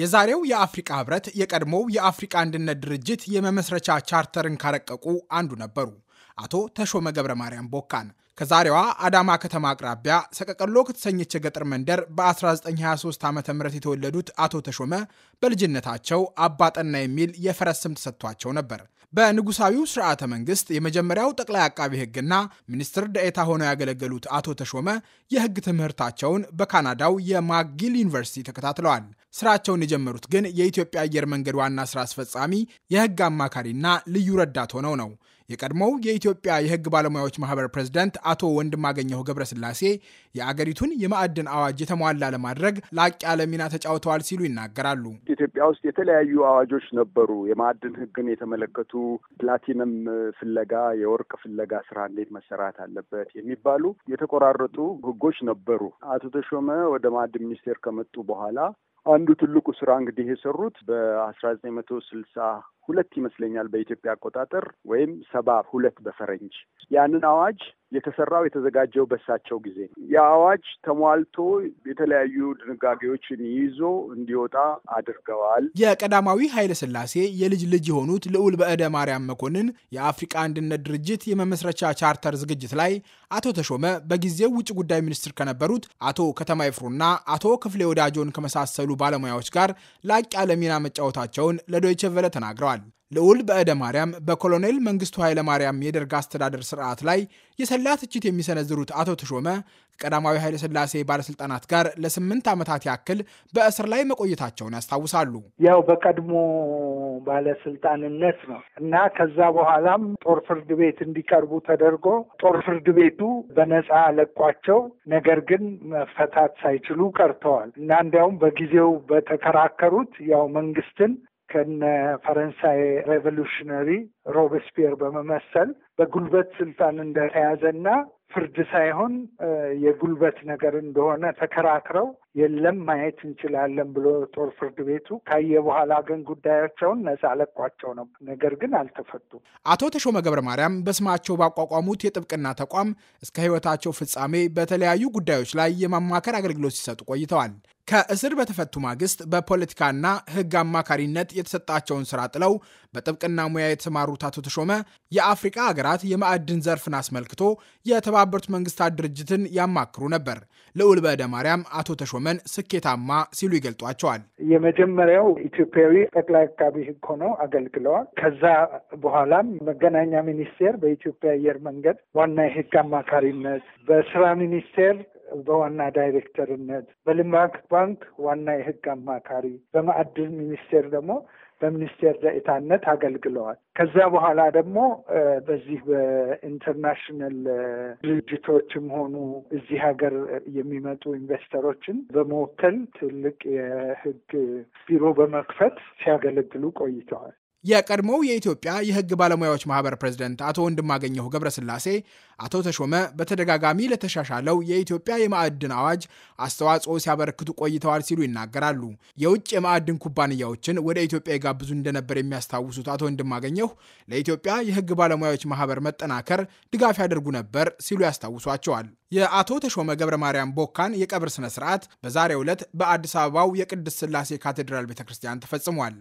የዛሬው የአፍሪቃ ህብረት የቀድሞው የአፍሪቃ አንድነት ድርጅት የመመስረቻ ቻርተርን ካረቀቁ አንዱ ነበሩ አቶ ተሾመ ገብረ ማርያም ቦካን። ከዛሬዋ አዳማ ከተማ አቅራቢያ ሰቀቀሎ ከተሰኘች የገጠር መንደር በ1923 ዓ ም የተወለዱት አቶ ተሾመ በልጅነታቸው አባጠና የሚል የፈረስ ስም ተሰጥቷቸው ነበር። በንጉሳዊው ስርዓተ መንግስት የመጀመሪያው ጠቅላይ አቃቢ ህግና ሚኒስትር ደኤታ ሆነው ያገለገሉት አቶ ተሾመ የህግ ትምህርታቸውን በካናዳው የማጊል ዩኒቨርሲቲ ተከታትለዋል። ስራቸውን የጀመሩት ግን የኢትዮጵያ አየር መንገድ ዋና ስራ አስፈጻሚ የህግ አማካሪና ልዩ ረዳት ሆነው ነው። የቀድሞው የኢትዮጵያ የሕግ ባለሙያዎች ማህበር ፕሬዝዳንት አቶ ወንድማገኘሁ ገብረስላሴ የአገሪቱን የማዕድን አዋጅ የተሟላ ለማድረግ ላቅ ያለ ሚና ተጫውተዋል ሲሉ ይናገራሉ። ኢትዮጵያ ውስጥ የተለያዩ አዋጆች ነበሩ፣ የማዕድን ሕግን የተመለከቱ ፕላቲነም ፍለጋ፣ የወርቅ ፍለጋ ስራ እንዴት መሰራት አለበት የሚባሉ የተቆራረጡ ሕጎች ነበሩ። አቶ ተሾመ ወደ ማዕድን ሚኒስቴር ከመጡ በኋላ አንዱ ትልቁ ስራ እንግዲህ የሰሩት በአስራ ዘጠኝ መቶ ስልሳ ሁለት ይመስለኛል በኢትዮጵያ አቆጣጠር ወይም ሰባ ሁለት በፈረንጅ ያንን አዋጅ የተሰራው የተዘጋጀው በሳቸው ጊዜ ነው። የአዋጅ ተሟልቶ የተለያዩ ድንጋጌዎችን ይዞ እንዲወጣ አድርገዋል። የቀዳማዊ ኃይለ ሥላሴ የልጅ ልጅ የሆኑት ልዑል በዕደ ማርያም መኮንን የአፍሪቃ አንድነት ድርጅት የመመስረቻ ቻርተር ዝግጅት ላይ አቶ ተሾመ በጊዜው ውጭ ጉዳይ ሚኒስትር ከነበሩት አቶ ከተማ ይፍሩና አቶ ክፍሌ ወዳጆን ከመሳሰሉ ባለሙያዎች ጋር ላቅ ያለ ሚና መጫወታቸውን ለዶይቸ ቨለ ተናግረዋል። ልዑል በዕደ ማርያም በኮሎኔል መንግስቱ ኃይለ ማርያም የደርግ አስተዳደር ስርዓት ላይ የሰላ ትችት የሚሰነዝሩት አቶ ተሾመ ከቀዳማዊ ኃይለ ስላሴ ባለስልጣናት ጋር ለስምንት ዓመታት ያክል በእስር ላይ መቆየታቸውን ያስታውሳሉ። ያው በቀድሞ ባለስልጣንነት ነው እና ከዛ በኋላም ጦር ፍርድ ቤት እንዲቀርቡ ተደርጎ ጦር ፍርድ ቤቱ በነፃ ለቋቸው፣ ነገር ግን መፈታት ሳይችሉ ቀርተዋል እና እንዲያውም በጊዜው በተከራከሩት ያው መንግስትን ከነ ፈረንሳይ ሬቮሉሽነሪ ሮቤስፒየር በመመሰል በጉልበት ስልጣን እንደተያዘና ፍርድ ሳይሆን የጉልበት ነገር እንደሆነ ተከራክረው የለም ማየት እንችላለን ብሎ ጦር ፍርድ ቤቱ ካየ በኋላ ግን ጉዳያቸውን ነፃ ለቋቸው ነው። ነገር ግን አልተፈቱም። አቶ ተሾመ ገብረ ማርያም በስማቸው ባቋቋሙት የጥብቅና ተቋም እስከ ሕይወታቸው ፍጻሜ በተለያዩ ጉዳዮች ላይ የማማከር አገልግሎት ሲሰጡ ቆይተዋል። ከእስር በተፈቱ ማግስት በፖለቲካና ሕግ አማካሪነት የተሰጣቸውን ስራ ጥለው በጥብቅና ሙያ የተሰማሩት አቶ ተሾመ የአፍሪቃ ሀገራት የማዕድን ዘርፍን አስመልክቶ የተባበሩት መንግስታት ድርጅትን ያማክሩ ነበር። ልዑል በዕደ ማርያም አቶ ተሾመን ስኬታማ ሲሉ ይገልጧቸዋል። የመጀመሪያው ኢትዮጵያዊ ጠቅላይ አቃቢ ሕግ ሆነው አገልግለዋል። ከዛ በኋላም መገናኛ ሚኒስቴር በኢትዮጵያ አየር መንገድ ዋና የሕግ አማካሪነት፣ በስራ ሚኒስቴር በዋና ዳይሬክተርነት፣ በልማት ባንክ ዋና የህግ አማካሪ፣ በማዕድን ሚኒስቴር ደግሞ በሚኒስቴር ደኢታነት አገልግለዋል። ከዛ በኋላ ደግሞ በዚህ በኢንተርናሽናል ድርጅቶችም ሆኑ እዚህ ሀገር የሚመጡ ኢንቨስተሮችን በመወከል ትልቅ የህግ ቢሮ በመክፈት ሲያገለግሉ ቆይተዋል። የቀድሞው የኢትዮጵያ የሕግ ባለሙያዎች ማህበር ፕሬዝደንት አቶ ወንድማገኘሁ ገብረስላሴ አቶ ተሾመ በተደጋጋሚ ለተሻሻለው የኢትዮጵያ የማዕድን አዋጅ አስተዋጽኦ ሲያበረክቱ ቆይተዋል ሲሉ ይናገራሉ። የውጭ የማዕድን ኩባንያዎችን ወደ ኢትዮጵያ የጋብዙ እንደነበር የሚያስታውሱት አቶ ወንድማገኘሁ ለኢትዮጵያ የሕግ ባለሙያዎች ማህበር መጠናከር ድጋፍ ያደርጉ ነበር ሲሉ ያስታውሷቸዋል። የአቶ ተሾመ ገብረ ማርያም ቦካን የቀብር ስነ ስርዓት በዛሬው ዕለት በአዲስ አበባው የቅድስት ስላሴ ካቴድራል ቤተ ክርስቲያን ተፈጽሟል።